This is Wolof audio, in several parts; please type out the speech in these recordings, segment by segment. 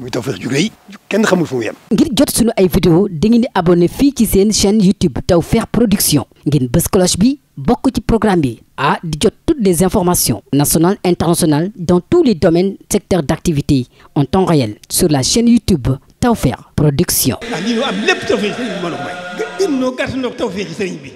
muy Tawfekh ju rëy kenn xamul ngir jot sunu ay vidéo dangeen di abonné fii ci seen chaîne YouTube Tawfekh Production ngeen bës cloche bi bokk ci programme bi ah di jot toutes les informations nationales internationales dans tous les domaines secteurs d'activité en temps réel sur la chaîne YouTube Tawfekh Production. ah lii am a may. gën noo gàtt noo Tawfekh sëriñ bi.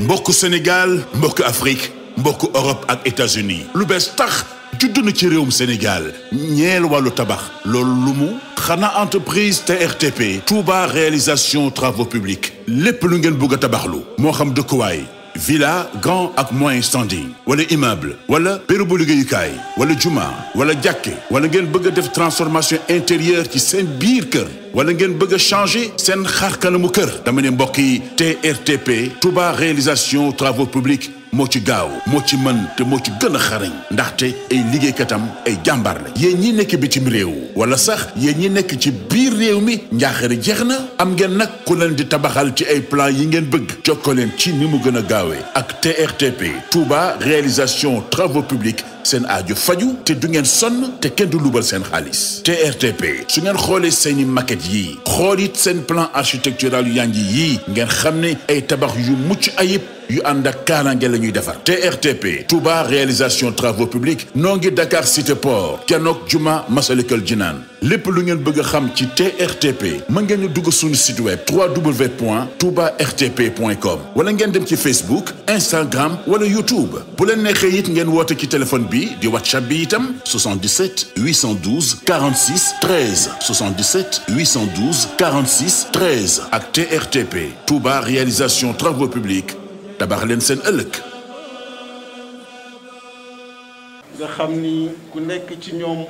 mbokku Sénégal Afrique. mbokku Europe ak États-Unis lu bees tax judd na ci réewum Sénégal ñeel wàllu tabax loolu lu mu xanaa entreprise TRTP Touba réalisation travaux publics lépp lu ngeen bëgg a lu moo xam dëkkuwaay villa gan ak moyen standing wala immeuble wala bérébu liggéeyukaay wala juma wala jàkke wala ngeen bëgg a def transformation intérieure ci seen biir kër wala ngeen bëgg a changer seen xar kanamu kër dama ne mbokk yi TRTP Touba réalisation travaux publics moo ci gaaw moo ci mën te moo ci gën a ndaxte ay liggéeykatam ay jàmbaar la yéen ñi nekk bitim réew wala sax yéen ñi nekk ci biir réew mi njaaxare jeex na am ngeen nag ku leen di tabaxal ci ay plan yi ngeen bëgg jokkoo ci ni mu gën a gaawee ak TRTP Touba réalisation travaux publics seen aajo faju te du ngeen sonn te kenn du lubal seen xaalis TRTP su ngeen xoolee seeni maquette yi xool it seen plan architectural yu yànji yii ngeen xam ne ay tabax yu mucc ayib yu ànd ak kaarange la ñuy defar TRTP Touba réalisation travaux publics noo ngi Dakar Cité Port Kenok Juma Masalikul Jinaan lépp lu ngeen bëgg a xam ci TRTP mën ngeen ñu dugg suñu site web www.toubartp.com wala ngeen dem ci Facebook Instagram wala YouTube bu leen neexee it ngeen woote ci téléphone bi di WhatsApp bi itam 77 812 46 13 77 812 46 13 ak TRTP Touba réalisation travaux publics tabax leen seen ëllëg. nga xam ni ku nekk ci ñoom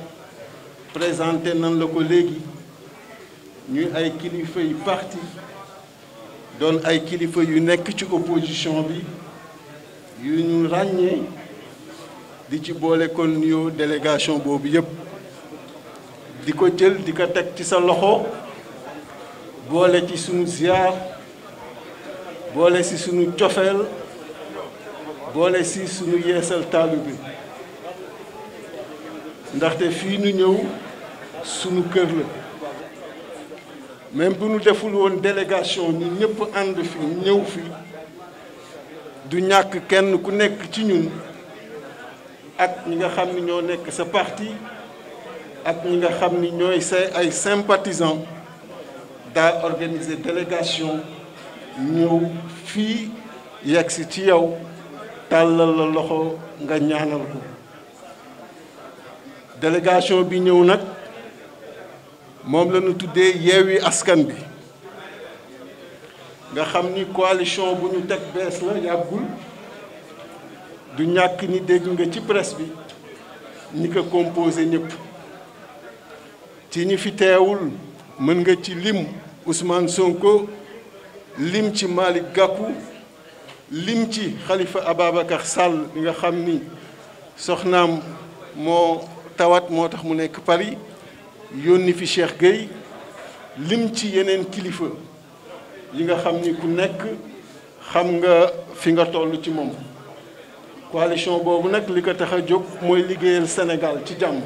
présenté nan la ko léegi ñuy ay kilifa yu parti doon ay kilifa yu nekk ci opposition bi yu ñu ràññee di ci boole kon nuyoo délégation boobu yépp di ko jël di ko teg ci sa loxo boole ci sunu ziar. boole si sunu cofeel boole si sunu yeesal taalu bi ndaxte fii nu ñëw sunu kër la même bu nu deful woon délégation ñu ñëpp ànd fi ñëw fi du ñàkk kenn ku nekk ci ñun ak ñi nga xam ni ñoo nekk sa parti ak ñi nga xam ni ñooy say ay sympathisants daal organiser délégation ñëw fii yegsi ci yow tàllal la loxo nga ñaanal ko délégation bi ñëw nag moom lanu ñu tuddee Yewwi Askan Wi nga xam ni coalition bu ñu teg bees la yàggul du ñàkk ni dégg nga ci presse bi ñi ko composé ñépp ci ñi fi teewul mën nga ci lim Ousmane Sonko. lim ci Malick Gakou lim ci xalifa Ababacar sàll bi nga xam ni soxnaam moo tawat moo tax mu nekk Paris yónni fi Cheikh Gueye lim ci yeneen kilifa yi nga xam ni ku nekk xam nga fi nga toll ci moom coalition boobu nag li ko tax a jóg mooy liggéeyal Sénégal ci jàmm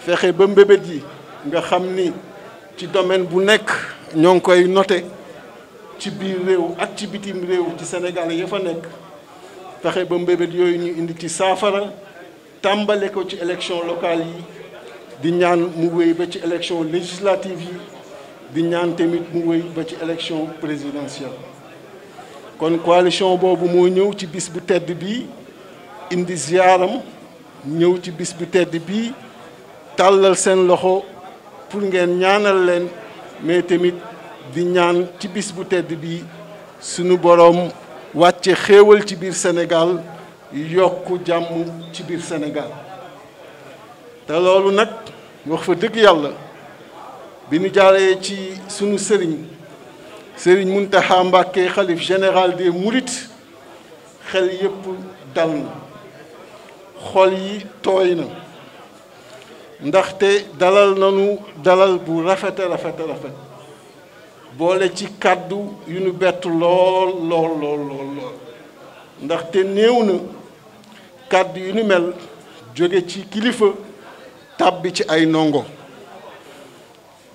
fexe ba mbébét yi nga xam ni ci domaine bu nekk ñoo ngi koy noté ci biir réew ak ci bitim réew ci Sénégal ya fa nekk fexe ba mbébét yooyu ñu indi ci saafara tàmbale ko ci élection locale yi di ñaan mu wéy ba ci élection législative yi di ñaan tamit mu wéy ba ci élection présidentielle kon coalition boobu moo ñëw ci bis bu tedd bi indi ziaram ñëw ci bis bu tedd bi tàllal seen loxo pour ngeen ñaanal leen mais tamit di ñaan ci bis bu tedd bi sunu boroom wàcce xéewal ci biir Sénégal yokk jàmm ci biir Sénégal te loolu nag wax fa dëgg yàlla bi ñu jaaree ci sunu sëriñ sëriñ Muntaxa Mbàkke xalif général des Mourides xel yépp dal na xol yi tooy na ndaxte dalal nanu dalal bu rafet rafet rafet boole ci kàddu yu ñu bett lool lool lool lool lool ndaxte néew na kàddu yu ñu mel jóge ci kilifa tàbbi ci ay ndongo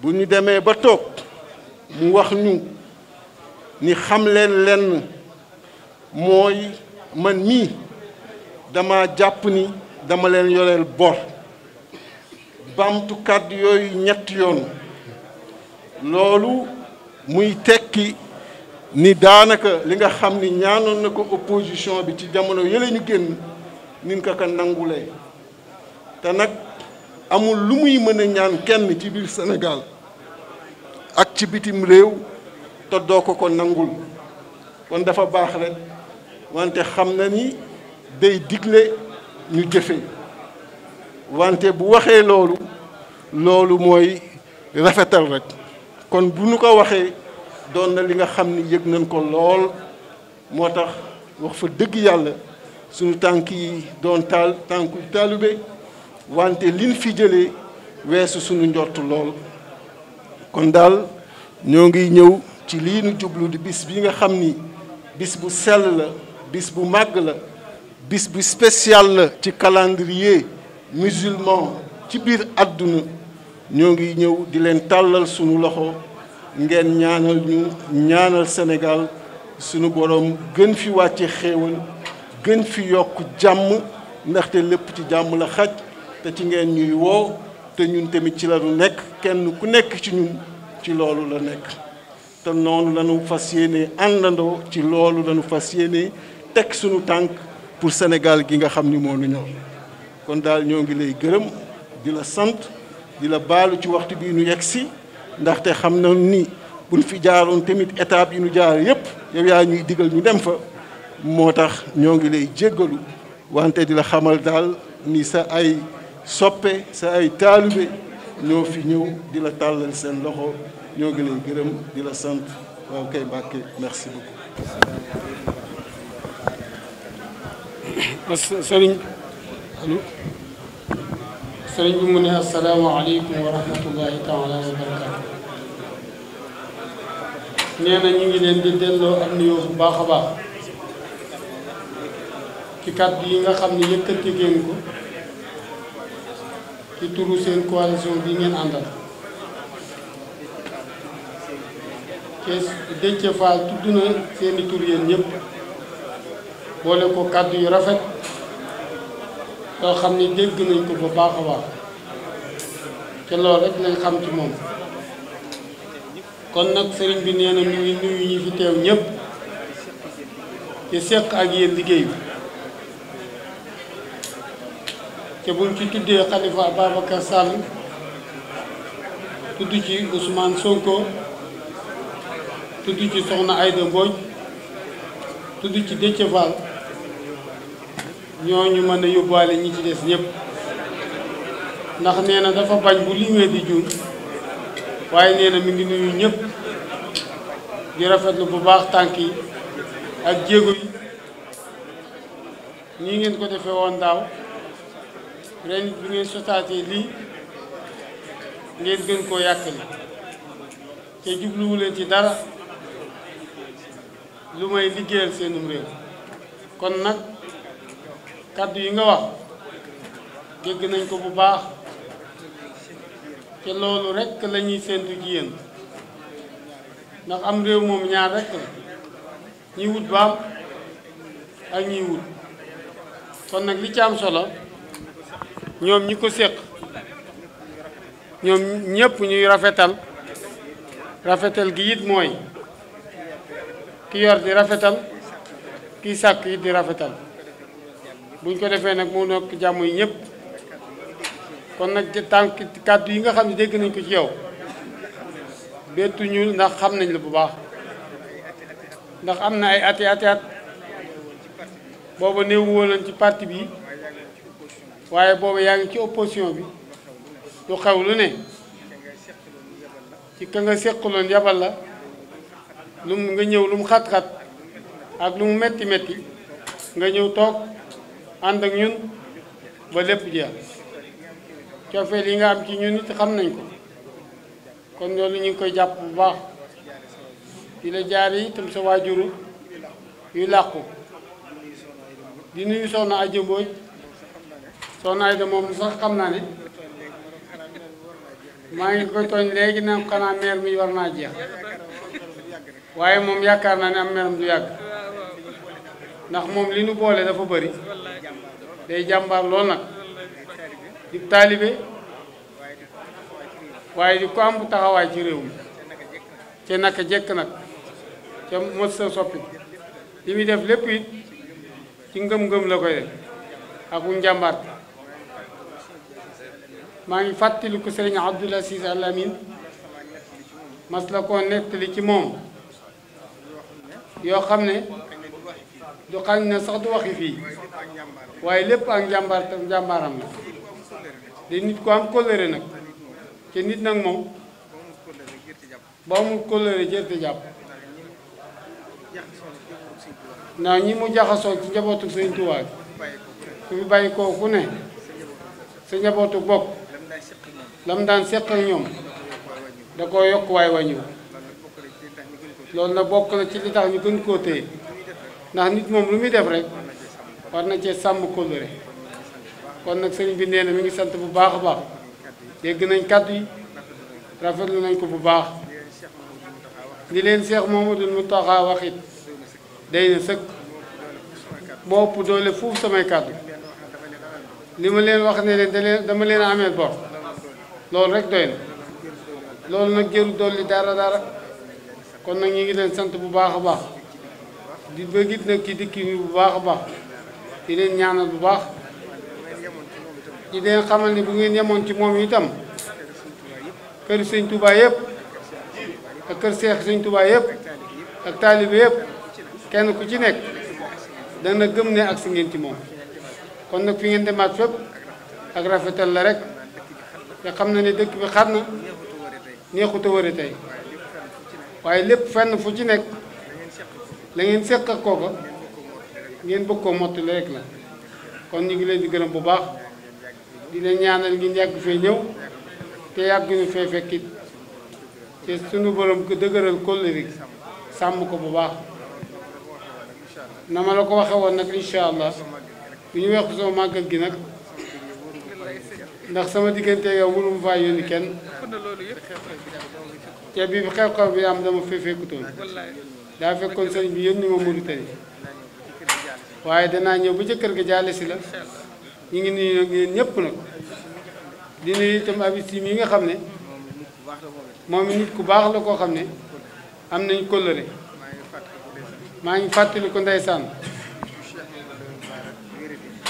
bu ñu demee ba toog mu wax ñu ni xam leen lenn mooy man mii dama jàpp ni dama leen yoreel bor baamtu kàddu yooyu ñett yoon loolu muy tekki ni daanaka li nga xam ni ñaanoon na ko opposition bi ci jamono yële ñu génn nin ko ko nangule te nag amul lu muy mën a ñaan kenn ci biir senegal ak ci bitim réew te doo ko ko nangul kon dafa baax rek wante xam na ni day digle ñu jëfe wante bu waxee loolu loolu mooy rafetal rek kon bu ñu ko waxee doon na li nga xam ni yëg nañ ko lool moo tax wax fa dëgg yàlla suñu tànk yi doon taal tànku taalube wante liñ fi jëlee weesu sunu njort lool kon daal ñoo ngi ñëw ci lii nu jublu di bis bi nga xam ni bis bu sell la bis bu màgg la bis bu special la ci calendrier musulman ci biir àdduna ñoo ngi ñëw di leen tàllal suñu loxo ngeen ñaanal ñu ñaanal Sénégal sunu borom gën fi wàcce xéewal gën fi yokk jàmm ndaxte lépp ci jàmm la xaj te ci ngeen ñuy woo te ñun tamit ci la ñu nekk kenn ku nekk ci ñun ci loolu la nekk te noonu lañu fas yéene àndandoo ci loolu lañu fas yéene teg sunu tànk pour Sénégal gi nga xam ni moo nu ñor kon daal ñoo ngi lay gërëm di la sant di la baalu ci waxtu bii nu yegg si ndaxte xam na ni buñ fi jaaroon tamit étape yi nu jaar yépp yow yaa ñuy diggal ñu dem fa moo tax ñoo ngi lay jéggalu wante di la xamal daal ni sa ay soppe sa ay taalibe ñoo fi ñëw di la tàllal seen loxo ñoo ngi lay gërëm di la sant waaw kay Mbàkke merci beaucoup. sëriñ bi mu ne asalaamaaleykum wa rahmatullahi taala wa barakaatu nee na ñu ngi leen di delloo ak nuyoo bu baax a baax ci kàddu yi nga xam ne yëkkati ngeen ko ci turu seen coalition bi ngeen àndal kees Déthié Fall tudd na seeni tur yéen yépp boole ko kàddu yu rafet yoo xam ne dégg nañ ko bu baax a baax te loolu rek lañ xam ci moom kon nag sëriñ bi nee na ñu ngi nuyu fi teew ñëpp ci seq ak yéen liggéey bi te buñ ci tuddee Khalifa Ababacar Sall tudd ci Ousmane Sonko tudd ci Soxna Aïda Mbodj tudd ci Déthié ñu mën a yóbbaale ñi ci des ñëpp ndax nee na dafa bañ bu liwee di juum waaye nee na mi ngi nuyu ñëpp di rafetlu bu baax tànk yi ak jéego yi nii ngeen ko defee woon daaw ren bi ngeen sotaatee lii ngeen gën koo yàkkali te jubluwu leen ci dara lu may liggéeyal seenum réew kon nag kàddu yi nga wax dégg nañ ko bu baax te loolu rekk la ñuy séentu ci yéen ndax am réew moom ñaar rekk la ñiy wut baam ak ñiy wut kon nag li ci am solo ñoom ñi ko séq ñoom ñëpp ñuy rafetal rafetal gi it mooy ki yor di rafetal kiy sàkk it di rafetal buñ ko defee nag mu nekk jàmm yi ñëpp kon nag ci tànk kàddu yi nga xam ne dégg nañ ko ci yow ñuul ndax xam nañ la bu baax ndax am na ay ati ati at booba néewu woon ci parti bi waaye booba yaa ngi ci opposition bi lu xew lu ne ci ka nga séqaloon yabal la lu nga ñëw lu mu xat-xat ak lu mu metti metti nga ñëw toog ànd ak ñun ba lépp jeex cofeel yi nga am ci ñun it xam nañ ko kon loolu ñu ngi koy jàpp bu baax di la jaar itam sa waajuru yu làqu di nuyu soxna Adja Mbodj soxna de moom sax xam naa ne maa ngi koy tooñ léegi na xanaa meer mi war naa jeex waaye moom yaakaar naa ne am meeram du yàgg ndax moom li nu boole dafa bëri day jàmbaar lool nag di taalibe waaye di ko am bu taxawaay ci réew mi te naka jekk nag te mos sa soppi li muy def lépp it ci ngëm-ngëm la koy def ak u njàmbaar maa ngi fàttaliku sëriñ Abdul Aziz Al Amin mas la koo nettali ci moom yoo xam ne du xañ na sax du waxi fii waaye lépp ak njàmbaar njàmbaaram la di nit ku am kóllëre nag ci nit nag moom ba amul kóllëre jërte jàpp naa ñi mu jaxasoo ci njabootu sëñ Tuubaa su fi bàyyi koo ku ne sa njabootu bokk lam daan seq ak ñoom da koo yokk waay wañu loolu na bokk la ci li tax ñu gën koo téye ndax nit moom lu muy def rek war na cee sàmm kóllëre kon nag sëriñ bi na mi ngi sant bu baax a baax dégg nañ kàddu yi rafetlu nañ ko bu baax li leen Seex Muhammadul Muntaxa waxit day na sëkk moo ëpp doole fuuf samay kàddu li ma leen wax ne leen da leen dama leen ameel bor loolu rek doy na loolu nag jëru dolli dara dara kon nag ñu ngi leen sant bu baax a baax di bëgg it nag ki dikki bu baax a baax di leen ñaanal bu baax di leen xamal ne bu ngeen yemoon ci moom itam kër sëñ Touba yépp ak kër seex sëñ Touba yëpp ak taalibe yëpp kenn ku ci nekk dana gëm ne ak si ngeen ci moom kon nag fi ngeen demaat fépp ak rafetal la rek te xam na ne dëkk bi xat na neexut a wëre tey waaye lépp fenn fu ci nekk la ngeen seq ak kooka ngeen bëgg koo mottali rek la kon ñu ngi leen di gërëm bu baax di leen ngi ngeen yàgg fee ñëw te yàgg ñu fee fekkit te sunu borom dëgëral kóllëre sàmm ko bu baax na la ko waxee woon nag incha allah bu ñu weexu sama màggal gi nag ndax sama diggante yow mënu mu faa yónni kenn te bii xew-xew bi am dama fee fekkutoon daa fekkoon sëriñ bi yónni ma Mauritanie waaye danaa ñëw ba ca gi jàll si la ñu ngi nuyu nag yéen ñëpp nag di yi nga xam ne moom it nit ku baax la koo xam ne am nañu kóllëre maa ngi fàttaliku ndeysaan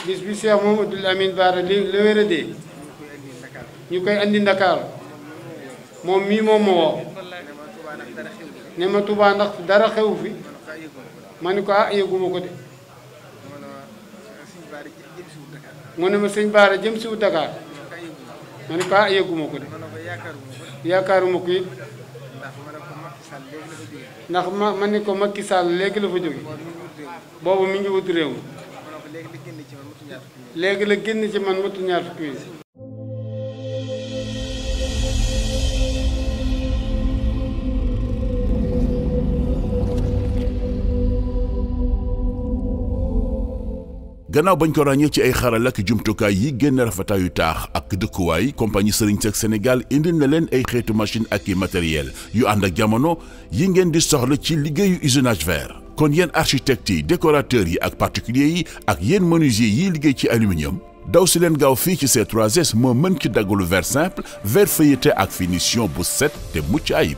bis bi Cheikh Mamadou Amine Bara li la wéradee ñu koy andi Ndakaaru moom mii moom ma woo ne ma Touba ndax dara xewu fi ma ni ko ah yëguma ko de mu ne ma sëñ Baara jëm siw Dakar ma ni ko ah yëguma ko de yaakaaruma ko it ndax ma ma ni ko Macky Sall léegi la fa jóge boobu mi ngi wut réew mi léegi la génn ci man matu ñaar fukki gannaaw bañ ko ràññee ci ay xaral jumtukaay yi génn rafetaayu taax ak dëkkuwaay compagnie Serigne Seck Sénégal indil na leen ay xeetu machine ak i matériel yu ànd ak jamono yi ngeen di soxla ci liggéeyu usinage vert. kon yéen architectes yi décorateur yi ak particuliers yi ak yéen menuisier yiy liggéey ci aluminium daw si leen gaaw fii ci ces 3S moo mën ci daggalu verre simple verre feuilleté ak finition bu set te mucc ayib.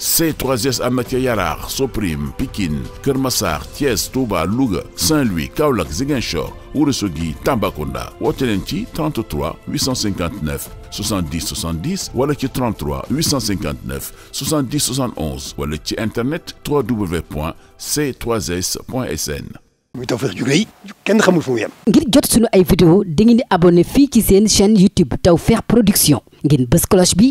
C3S am na ca Yaraax Soprim Pikine Kër Massar Thiès Touba Louga Saint-Louis Kaolack Ziguinchor Ourossogui Tambacounda woote leen ci 33 859 70 70 wala ci 33 859 70 71 wala ci internet www.c3s.sn. muy Tawfekh ju rëy kenn xamul fu mu yem. ngir jot sunu ay vidéo dangeen di abonné fii ci seen chaîne YouTube Tawfekh Production ngeen bës cloche bi.